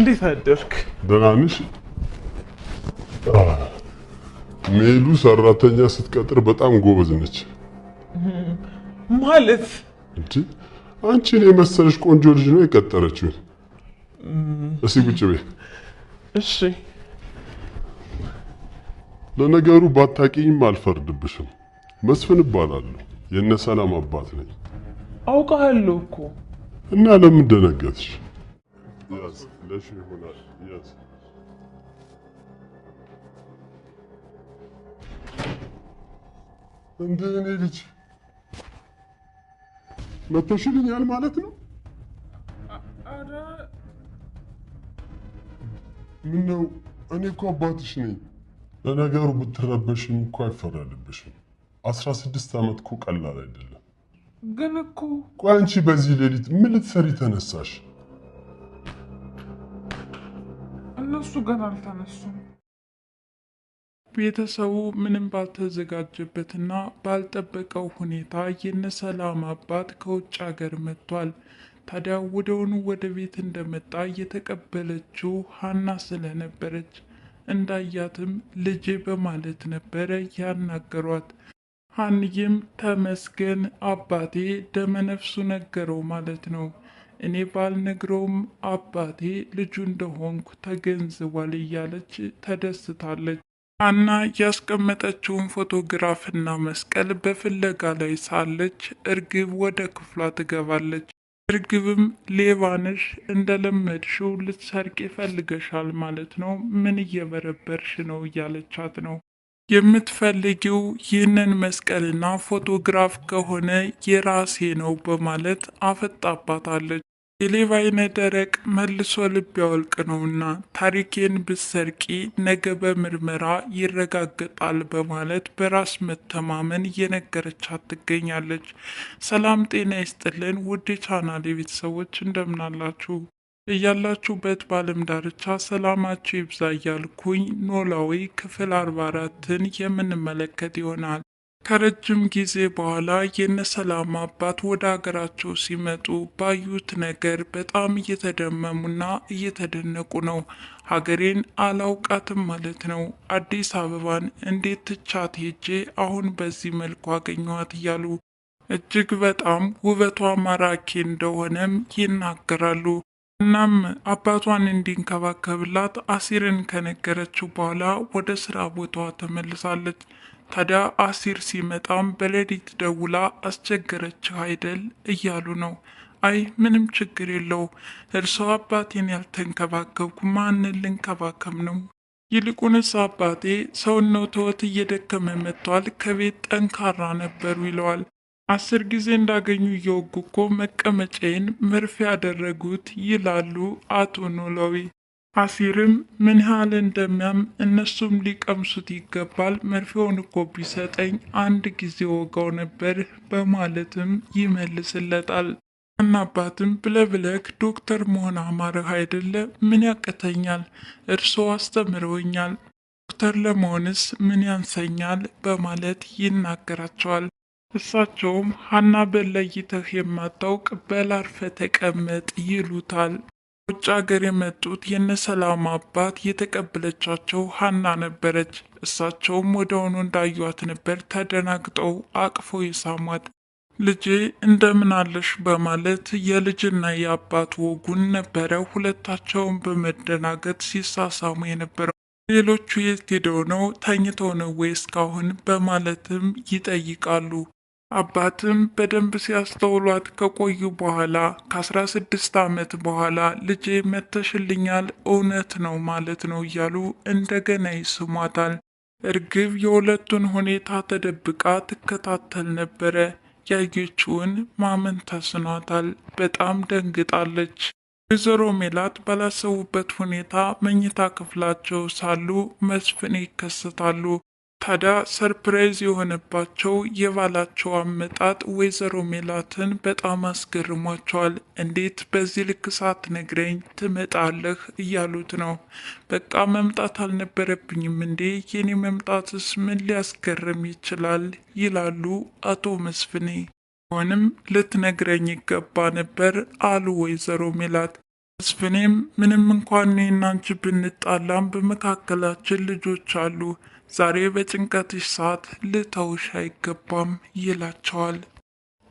እንዴት አደርክ? ደህና ነሽ? ሜሉ ሰራተኛ ስትቀጥር በጣም ጎበዝ ነች። ማለት እንዴ? አንቺን የመሰለሽ ቆንጆ ልጅ ነው የቀጠረችው። እስቲ ቁጭ በይ። እሺ። ለነገሩ ባታቂኝም አልፈርድብሽም። መስፍን እባላለሁ። የነ ሰላም አባት ነኝ። አውቃለሁ እኮ። እና ለምን ደነገጥሽ? Fläche emuliert. እንዴ እኔ ልጅ መተሽልኛል ማለት ነው? አረ ምነው እኔ እኮ አባትሽ ነኝ። ለነገሩ ብትረበሽም እኮ አይፈረድብሽም። አስራ ስድስት ዓመት እኮ ቀላል አይደለም። ግን እኮ ቆይ አንቺ በዚህ ሌሊት ምን ልትሰሪ ተነሳሽ? እሱ ገና አልተነሱም። ቤተሰቡ ምንም ባልተዘጋጀበትና ባልጠበቀው ሁኔታ የነሰላም አባት ከውጭ ሀገር መጥቷል። ታዲያ ወደውኑ ወደ ቤት እንደመጣ የተቀበለችው ሀና ስለነበረች እንዳያትም ልጄ በማለት ነበረ ያናገሯት። ሀንዬም ተመስገን አባቴ ደመነፍሱ ነገረው ማለት ነው እኔ ባልነግረውም አባቴ ልጁ እንደሆንኩ ተገንዝቧል እያለች ተደስታለች። አና ያስቀመጠችውን ፎቶግራፍና መስቀል በፍለጋ ላይ ሳለች እርግብ ወደ ክፍሏ ትገባለች። እርግብም ሌባንሽ እንደለመድሽው ልትሰርቅ ይፈልገሻል ማለት ነው፣ ምን እየበረበርሽ ነው እያለቻት ነው። የምትፈልጊው ይህንን መስቀልና ፎቶግራፍ ከሆነ የራሴ ነው በማለት አፈጣባታለች። የሌባ ደረቅ መልሶ ልብ ያወልቅ ነውና ታሪኬን ብሰርቂ ነገ በምርመራ ይረጋገጣል በማለት በራስ መተማመን እየነገረቻት ትገኛለች። ሰላም ጤና ይስጥልን ውድ የቻናሌ ቤተሰቦች እንደምናላችሁ እያላችሁበት በዓለም ዳርቻ ሰላማችሁ ይብዛ እያልኩኝ ኖላዊ ክፍል አርባ አራትን የምንመለከት ይሆናል። ከረጅም ጊዜ በኋላ የነ ሰላም አባት ወደ አገራቸው ሲመጡ ባዩት ነገር በጣም እየተደመሙና እየተደነቁ ነው። ሀገሬን አላውቃትም ማለት ነው። አዲስ አበባን እንዴት ትቻት ሄጄ አሁን በዚህ መልኩ አገኘዋት እያሉ እጅግ በጣም ውበቷ ማራኪ እንደሆነም ይናገራሉ። እናም አባቷን እንዲንከባከብላት አሲርን ከነገረችው በኋላ ወደ ስራ ቦታዋ ተመልሳለች። ታዲያ አሲር ሲመጣም በሌሊት ደውላ አስቸገረች አይደል እያሉ ነው። አይ ምንም ችግር የለው እርሶ አባቴን ያልተንከባከብኩ ማንን ልንከባከብ ነው? ይልቁንስ አባቴ ሰውነትዎት እየደከመ መጥቷል፣ ከቤት ጠንካራ ነበሩ ይለዋል። አስር ጊዜ እንዳገኙ እየወጉ እኮ መቀመጫዬን መርፌ ያደረጉት ይላሉ አቶ ኖላዊ። አሲርም ምን ያህል እንደሚያም እነሱም ሊቀምሱት ይገባል። መርፌውን እኮ ቢሰጠኝ አንድ ጊዜ ወጋው ነበር በማለትም ይመልስለታል። አባትም ብለብለክ ዶክተር መሆን አማረህ አይደለ? ምን ያቅተኛል? እርስዎ አስተምረውኛል። ዶክተር ለመሆንስ ምን ያንሰኛል? በማለት ይናገራቸዋል። እሳቸውም ሀና በለይተህ የማታውቅ በላርፈ ተቀመጥ ይሉታል። ውጭ ሀገር የመጡት የነሰላም አባት የተቀበለቻቸው ሀና ነበረች። እሳቸውም ወደሆኑ እንዳዩት ነበር ተደናግጠው አቅፎ የሳሟት። ልጄ እንደምን አለሽ በማለት የልጅና የአባት ወጉን ነበረ ሁለታቸውን በመደናገጥ ሲሳሳሙ የነበረው። ሌሎቹ የት ሄደው ነው ተኝተው ነው ወይ እስካሁን በማለትም ይጠይቃሉ። አባትም በደንብ ሲያስተውሏት ከቆዩ በኋላ ከ ስድስት ዓመት በኋላ ልጄ መተሽልኛል እውነት ነው ማለት ነው እያሉ እንደገና ይስሟታል። እርግብ የሁለቱን ሁኔታ ተደብቃ ትከታተል ነበረ። ያየችውን ማመን ተስኗታል። በጣም ደንግጣለች። ወይዘሮ ሜላት ባላሰቡበት ሁኔታ መኝታ ክፍላቸው ሳሉ መስፍን ይከሰታሉ። ታዲያ ሰርፕራይዝ የሆነባቸው የባላቸው አመጣጥ ወይዘሮ ሜላትን በጣም አስገርሟቸዋል። እንዴት በዚህ ልክ ሰዓት ነግረኝ ትመጣለህ እያሉት ነው። በቃ መምጣት አልነበረብኝም እንዴ? የኔ መምጣትስ ምን ሊያስገርም ይችላል? ይላሉ አቶ መስፍኔ። ሆንም ልትነግረኝ ይገባ ነበር አሉ ወይዘሮ ሜላት። መስፍኔም ምንም እንኳን እኔና አንቺ ብንጣላም በመካከላችን ልጆች አሉ ዛሬ በጭንቀትሽ ሰዓት ልተውሽ አይገባም ይላቸዋል።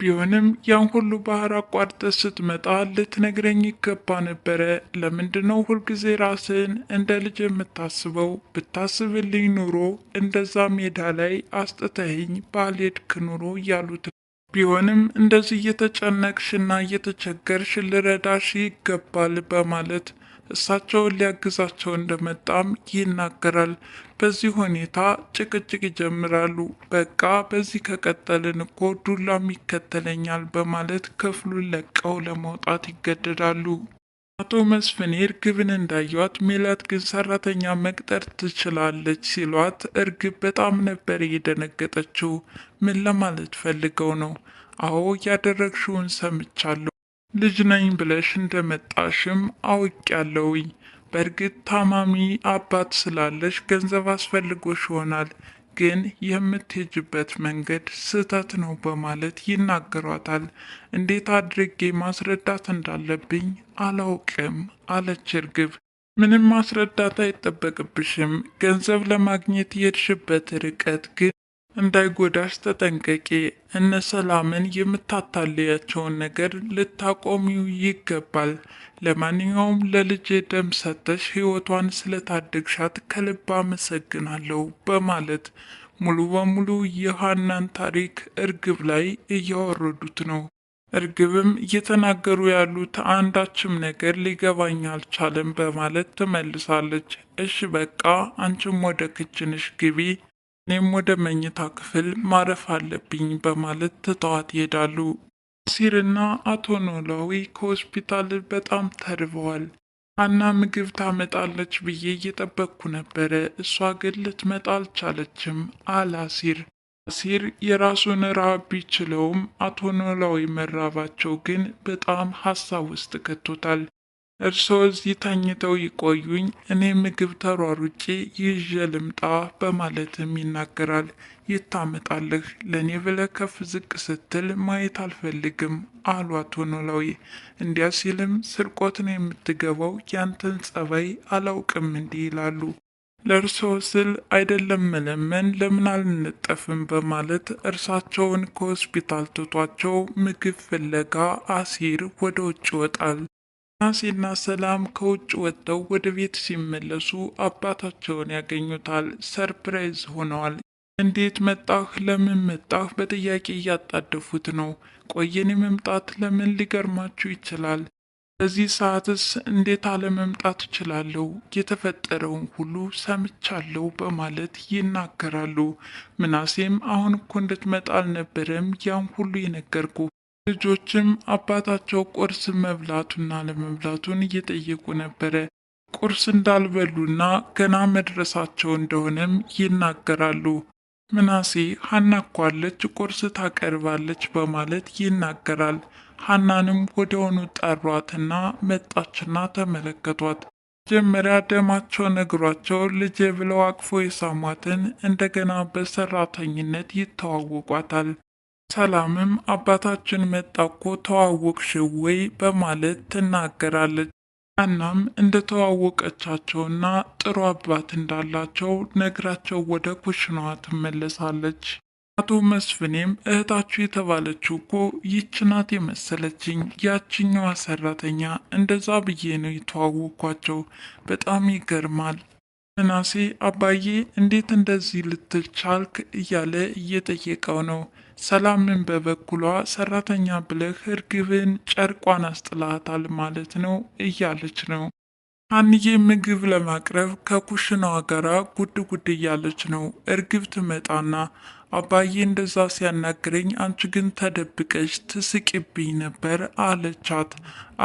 ቢሆንም ያን ሁሉ ባህር አቋርጠ ስትመጣ ልትነግረኝ ይገባ ነበረ። ለምንድ ነው ሁልጊዜ ራስን እንደ ልጅ የምታስበው? ብታስብልኝ ኑሮ እንደዛ ሜዳ ላይ አስጥተህኝ ባልሄድክ ኑሮ እያሉት ቢሆንም እንደዚህ እየተጨነቅሽና እየተቸገርሽ ልረዳሽ ይገባል በማለት እሳቸውን ሊያግዛቸው እንደመጣም ይናገራል። በዚህ ሁኔታ ጭቅጭቅ ይጀምራሉ። በቃ በዚህ ከቀጠልን እኮ ዱላም ይከተለኛል በማለት ክፍሉን ለቀው ለመውጣት ይገደዳሉ። አቶ መስፍኔ እርግብን እንዳየዋት ሜላት ግን ሰራተኛ መቅጠር ትችላለች ሲሏት እርግብ በጣም ነበር እየደነገጠችው። ምን ለማለት ፈልገው ነው? አዎ ያደረግሽውን ሰምቻለሁ። ልጅ ነኝ ብለሽ እንደመጣሽም አውቅ ያለውኝ በእርግጥ ታማሚ አባት ስላለሽ ገንዘብ አስፈልጎሽ ይሆናል፣ ግን የምትሄጅበት መንገድ ስህተት ነው በማለት ይናገሯታል። እንዴት አድርጌ ማስረዳት እንዳለብኝ አላውቅም አለች እርግብ። ምንም ማስረዳት አይጠበቅብሽም። ገንዘብ ለማግኘት የሄድሽበት ርቀት ግን እንዳይጎዳሽ ተጠንቀቂ። እነ ሰላምን የምታታልያቸውን ነገር ልታቆሚው ይገባል። ለማንኛውም ለልጄ ደም ሰተሽ ሕይወቷን ስለታደግሻት ከልብ አመሰግናለሁ በማለት ሙሉ በሙሉ የሀናን ታሪክ እርግብ ላይ እያወረዱት ነው። እርግብም እየተናገሩ ያሉት አንዳችም ነገር ሊገባኝ አልቻለም በማለት ትመልሳለች። እሽ በቃ አንቺም ወደ ክችንሽ ግቢ እኔም ወደ መኝታ ክፍል ማረፍ አለብኝ በማለት ትተዋት ይሄዳሉ። አሲርና አቶ ኖላዊ ከሆስፒታል በጣም ተርበዋል። አና ምግብ ታመጣለች ብዬ እየጠበቅኩ ነበረ። እሷ ግን ልትመጣ አልቻለችም አለ አሲር። አሲር የራሱን ረሃብ ቢችለውም አቶ ኖላዊ መራባቸው ግን በጣም ሀሳብ ውስጥ ከቶታል። እርስዎ እዚህ ተኝተው ይቆዩኝ፣ እኔ ምግብ ተሯሩጬ ይዤ ልምጣ በማለትም ይናገራል። ይታመጣለህ ለእኔ ብለህ ከፍ ዝቅ ስትል ማየት አልፈልግም አሏት ኖላዊ። እንዲያ ሲልም ስርቆት ነው የምትገባው፣ ያንተን ጸባይ አላውቅም እንዲህ ይላሉ። ለእርስዎ ስል አይደለም መለመን ለምን አልንጠፍም በማለት እርሳቸውን ከሆስፒታል ትቷቸው ምግብ ፍለጋ አሲር ወደ ውጭ ይወጣል። ናሲና ሰላም ከውጭ ወጥተው ወደ ቤት ሲመለሱ አባታቸውን ያገኙታል። ሰርፕራይዝ ሆነዋል። እንዴት መጣህ? ለምን መጣህ? በጥያቄ እያጣደፉት ነው። ቆየን መምጣት ለምን ሊገርማችሁ ይችላል። በዚህ ሰዓትስ እንዴት አለመምጣት እችላለሁ? የተፈጠረውን ሁሉ ሰምቻለሁ በማለት ይናገራሉ። ምናሴም አሁን እኮ እንድትመጣ አልነበረም ያን ሁሉ የነገርኩ ልጆችም አባታቸው ቁርስ መብላቱና ለመብላቱን እየጠየቁ ነበረ። ቁርስ እንዳልበሉና ገና መድረሳቸው እንደሆነም ይናገራሉ። ምናሴ ሀና ኳለች ቁርስ ታቀርባለች በማለት ይናገራል። ሀናንም ወዲያውኑ ጠሯትና መጣችና ተመለከቷት። መጀመሪያ ደማቸው ነግሯቸው ልጄ ብለው አቅፎ የሳሟትን እንደገና በሰራተኝነት ይተዋወቋታል። ሰላምም አባታችን መጣ እኮ ተዋወቅሽው ወይ በማለት ትናገራለች። አናም እንደተዋወቀቻቸውና ጥሩ አባት እንዳላቸው ነግራቸው ወደ ኩሽናዋ ትመለሳለች። አቶ መስፍኔም እህታችሁ የተባለችው እኮ ይች የመሰለችኝ ያችኛዋ ሰራተኛ፣ እንደዛ ብዬ ነው የተዋወኳቸው። በጣም ይገርማል። ምናሴ አባዬ እንዴት እንደዚህ ልትል ቻልክ እያለ እየጠየቀው ነው። ሰላምን በበኩሏ ሰራተኛ ብለህ እርግብን ጨርቋን አስጥላታል ማለት ነው እያለች ነው። ሀንዬ ምግብ ለማቅረብ ከኩሽናዋ ጋር ጉድ ጉድ እያለች ነው። እርግብ ትመጣና አባዬ እንደዛ ሲያናግረኝ አንቺ ግን ተደብቀች ትስቂብኝ ነበር አለቻት።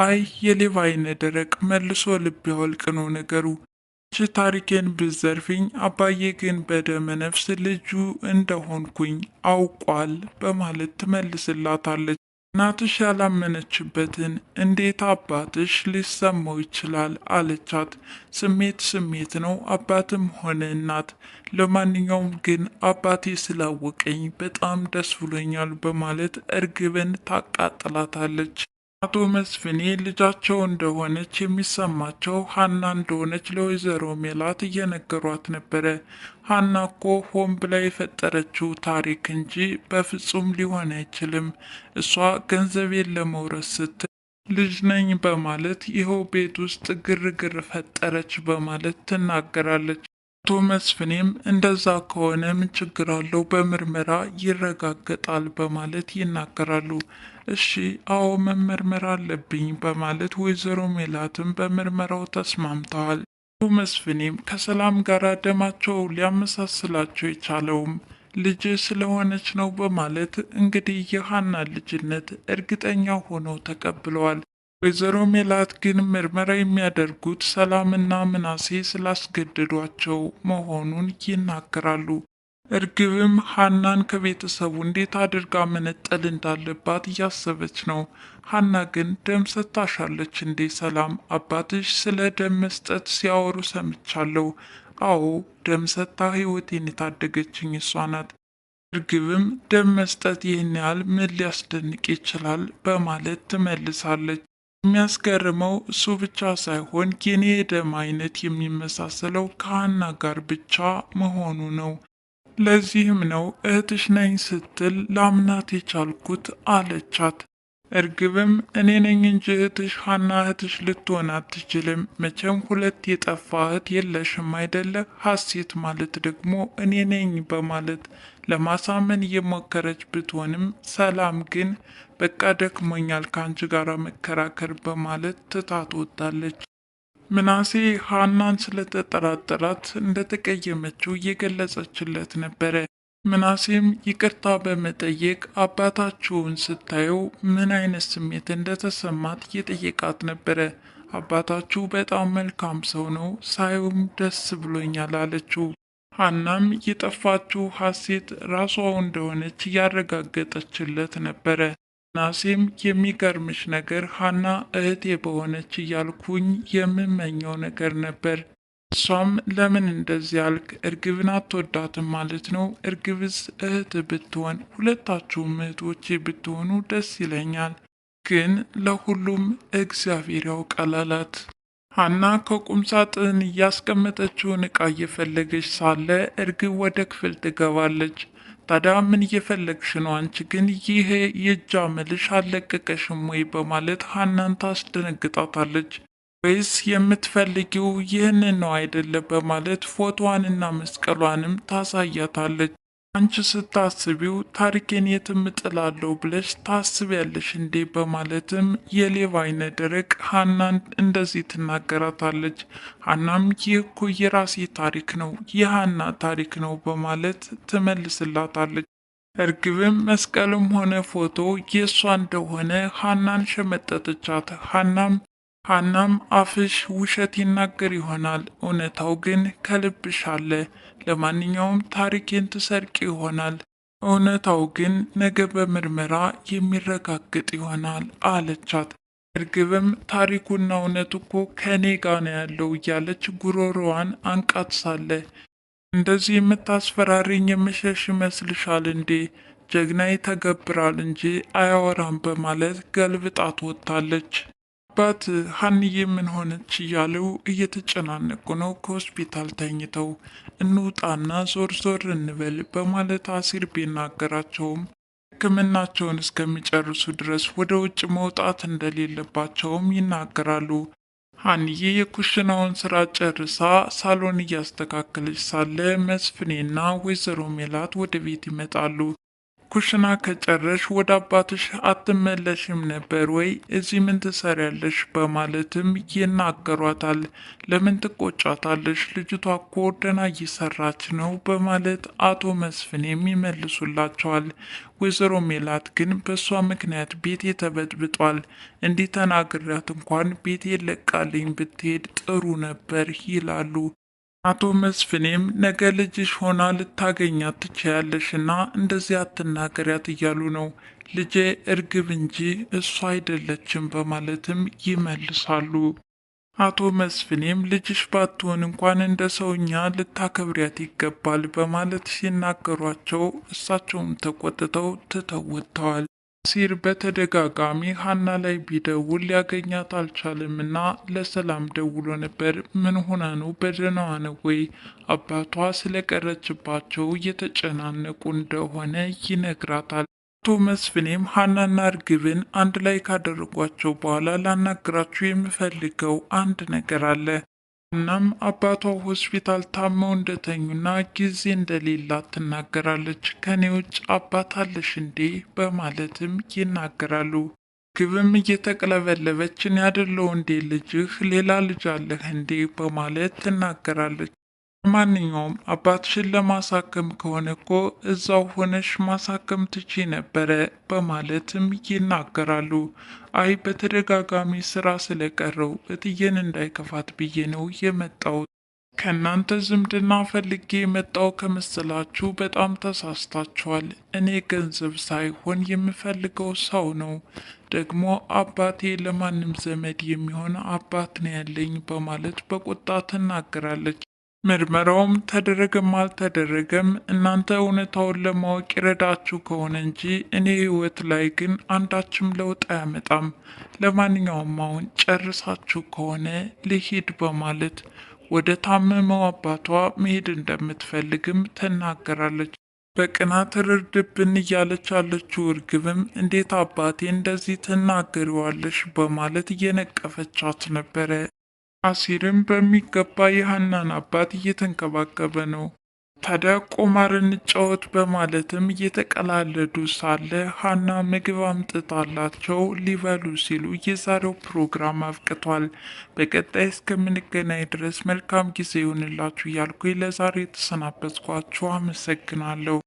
አይ የሌባ አይነ ደረቅ መልሶ ልብ ያወልቅ ነው ነገሩ ታሪኬን ብዘርፊኝ አባዬ ግን በደመ ነፍስ ልጁ እንደሆንኩኝ አውቋል በማለት ትመልስላታለች። እናትሽ ያላመነችበትን እንዴት አባትሽ ሊሰማው ይችላል አለቻት። ስሜት ስሜት ነው፣ አባትም ሆነ እናት። ለማንኛውም ግን አባቴ ስላወቀኝ በጣም ደስ ብሎኛል በማለት እርግብን ታቃጥላታለች። አቶ መስፍኔ ልጃቸው እንደሆነች የሚሰማቸው ሀና እንደሆነች ለወይዘሮ ሜላት እየነገሯት ነበረ። ሀና እኮ ሆን ብላ የፈጠረችው ታሪክ እንጂ በፍጹም ሊሆን አይችልም። እሷ ገንዘቤን ለመውረስ ስትል ልጅ ነኝ በማለት ይኸው ቤት ውስጥ ግርግር ፈጠረች በማለት ትናገራለች። አቶ መስፍኔም እንደዛ ከሆነ ምን ችግር አለው በምርመራ ይረጋገጣል በማለት ይናገራሉ። እሺ አዎ መመርመር አለብኝ በማለት ወይዘሮ ሜላትም በምርመራው ተስማምተዋል። አቶ መስፍኔም ከሰላም ጋር ደማቸው ሊያመሳስላቸው የቻለውም ልጅ ስለሆነች ነው በማለት እንግዲህ የሀና ልጅነት እርግጠኛ ሆነው ተቀብለዋል። ወይዘሮ ሜላት ግን ምርመራ የሚያደርጉት ሰላምና ምናሴ ስላስገደዷቸው መሆኑን ይናገራሉ። እርግብም ሀናን ከቤተሰቡ እንዴት አድርጋ መነጠል እንዳለባት እያሰበች ነው። ሀና ግን ደም ሰጥታሻለች እንዴ? ሰላም አባትሽ ስለ ደም መስጠት ሲያወሩ ሰምቻለሁ። አዎ ደም ሰጥታ ህይወቴን የታደገችኝ እሷ ናት። እርግብም ደም መስጠት ይህን ያህል ምን ሊያስደንቅ ይችላል? በማለት ትመልሳለች። የሚያስገርመው እሱ ብቻ ሳይሆን የኔ ደም አይነት የሚመሳሰለው ከሀና ጋር ብቻ መሆኑ ነው። ለዚህም ነው እህትሽ ነኝ ስትል ላምናት የቻልኩት አለቻት። እርግብም እኔ ነኝ እንጂ እህትሽ ሀና እህትሽ ልትሆን አትችልም። መቼም ሁለት የጠፋ እህት የለሽም አይደለ? ሀሴት ማለት ደግሞ እኔ ነኝ በማለት ለማሳመን እየሞከረች ብትሆንም ሰላም ግን በቃ ደክሞኛል ከአንቺ ጋር መከራከር በማለት ትታት ወጣለች። ምናሴ ሀናን ስለተጠራጠራት እንደተቀየመችው እየገለጸችለት ነበረ። ምናሴም ይቅርታ በመጠየቅ አባታችሁን ስታየው ምን አይነት ስሜት እንደተሰማት እየጠየቃት ነበረ። አባታችሁ በጣም መልካም ሰው ነው፣ ሳየውም ደስ ብሎኛል አለችው። ሀናም የጠፋችው ሀሴት ራሷ እንደሆነች እያረጋገጠችለት ነበረ። ናሴም የሚገርምሽ ነገር ሀና እህቴ በሆነች እያልኩኝ የምመኘው ነገር ነበር። እሷም ለምን እንደዚህ ያልክ እርግብን አትወዳትም ማለት ነው? እርግብስ እህት ብትሆን ሁለታችሁም እህቶቼ ብትሆኑ ደስ ይለኛል። ግን ለሁሉም እግዚአብሔር ያውቃል አላት። ሀና ሳጥን እያስቀመጠችውን ዕቃ እየፈለገች ሳለ እርግብ ወደ ክፍል ትገባለች። ታዲያ ምን እየፈለግሽ ነው? አንቺ ግን ይሄ የእጅ አመልሽ አለቀቀሽም ወይ? በማለት ሀናን ታስደነግጣታለች። ወይስ የምትፈልጊው ይህንን ነው አይደለም? በማለት ፎቶዋንና መስቀሏንም ታሳያታለች። አንቺ ስታስቢው ታሪኬን የትም ጥላለው ብለሽ ታስቢያለሽ እንዴ? በማለትም የሌባ አይነ ደረቅ ሀናን እንደዚህ ትናገራታለች። ሀናም ይህ እኮ የራሴ ታሪክ ነው የሀና ታሪክ ነው በማለት ትመልስላታለች። እርግብም መስቀልም ሆነ ፎቶ የእሷ እንደሆነ ሀናን ሸመጠተቻት። ሀናም ሐናም አፍሽ ውሸት ይናገር ይሆናል፣ እውነታው ግን ከልብሽ አለ። ለማንኛውም ታሪኬን ትሰርቂ ይሆናል፣ እውነታው ግን ነገ በምርመራ የሚረጋግጥ ይሆናል አለቻት። እርግብም ታሪኩና እውነት እኮ ከእኔ ጋር ነው ያለው እያለች ጉሮሮዋን አንቃት ሳለ እንደዚህ የምታስፈራሪኝ የምሸሽ ይመስልሻል እንዴ? ጀግና ይተገብራል እንጂ አያወራም በማለት ገልብጣት ወጥታለች። አባት ሀንዬ ምን ሆነች እያለው እየተጨናነቁ ነው። ከሆስፒታል ተኝተው እንውጣና ዞር ዞር እንበል በማለት አሲር ቢናገራቸውም ሕክምናቸውን እስከሚጨርሱ ድረስ ወደ ውጭ መውጣት እንደሌለባቸውም ይናገራሉ። ሀንዬ የኩሽናውን ስራ ጨርሳ ሳሎን እያስተካከለች ሳለ መስፍኔና ወይዘሮ ሜላት ወደ ቤት ይመጣሉ። ኩሽና ከጨረሽ ወደ አባትሽ አትመለሽም ነበር ወይ? እዚህ ምን ትሰሪያለሽ? በማለትም ይናገሯታል። ለምን ትቆጫታለሽ? ልጅቷ እኮ ደህና እየሰራች ነው በማለት አቶ መስፍኔም ይመልሱላቸዋል። ወይዘሮ ሜላት ግን በእሷ ምክንያት ቤቴ ተበጥብጧል፣ እንዲህ ተናግሪያት እንኳን ቤቴ ለቃልኝ ብትሄድ ጥሩ ነበር ይላሉ። አቶ መስፍኔም ነገ ልጅሽ ሆና ልታገኛት ትችያለሽ እና እንደዚህ አትናገሪያት እያሉ ነው። ልጄ እርግብ እንጂ እሷ አይደለችም በማለትም ይመልሳሉ። አቶ መስፍኔም ልጅሽ ባትሆን እንኳን እንደ ሰውኛ ልታከብሪያት ይገባል በማለት ሲናገሯቸው እሳቸውም ተቆጥተው ትተው ወጥተዋል። ሲር በተደጋጋሚ ሀና ላይ ቢደውል ሊያገኛት አልቻለም እና ለሰላም ደውሎ ነበር። ምን ሆና ነው? በደህናዋ ነው ወይ? አባቷ ስለቀረችባቸው እየተጨናነቁ እንደሆነ ይነግራታል። አቶ መስፍኔም ሀናና እርግብን አንድ ላይ ካደረጓቸው በኋላ ላናግራችሁ የምፈልገው አንድ ነገር አለ። እናም አባቷ ሆስፒታል ታመው እንደተኙና ጊዜ እንደሌላት ትናገራለች። ከኔ ውጭ አባት አለሽ እንዴ? በማለትም ይናገራሉ። ግብም እየተቅለበለበች እኔ አይደለሁ እንዴ ልጅህ ሌላ ልጅ አለህ እንዴ? በማለት ትናገራለች። ማንኛውም አባትሽን ለማሳከም ከሆነ እኮ እዛው ሆነሽ ማሳከም ትቺ ነበረ በማለትም ይናገራሉ። አይ በተደጋጋሚ ስራ ስለቀረው እትዬን እንዳይከፋት ብዬ ነው የመጣሁት። ከእናንተ ዝምድና ፈልጌ የመጣው ከመሰላችሁ በጣም ተሳስታችኋል። እኔ ገንዘብ ሳይሆን የምፈልገው ሰው ነው። ደግሞ አባቴ ለማንም ዘመድ የሚሆን አባት ነው ያለኝ በማለት በቁጣ ትናገራለች። ምርመራውም ተደረገም አልተደረገም እናንተ እውነታውን ለማወቅ ይረዳችሁ ከሆነ እንጂ እኔ ህይወት ላይ ግን አንዳችም ለውጥ አያመጣም። ለማንኛውም አሁን ጨርሳችሁ ከሆነ ልሂድ በማለት ወደ ታመመው አባቷ መሄድ እንደምትፈልግም ተናገራለች። በቅናት ርድብን እያለች ያለችው እርግብም እንዴት አባቴ እንደዚህ ትናገሪዋለሽ በማለት እየነቀፈቻት ነበረ። አሲርም በሚገባ የሀናን አባት እየተንከባከበ ነው። ታዲያ ቁማር እንጫወት በማለትም እየተቀላለዱ ሳለ ሀና ምግብ አምጥታላቸው ሊበሉ ሲሉ የዛሬው ፕሮግራም አብቅቷል። በቀጣይ እስከምንገናኝ ድረስ መልካም ጊዜ ይሆንላችሁ እያልኩ ለዛሬ የተሰናበትኳችሁ አመሰግናለሁ።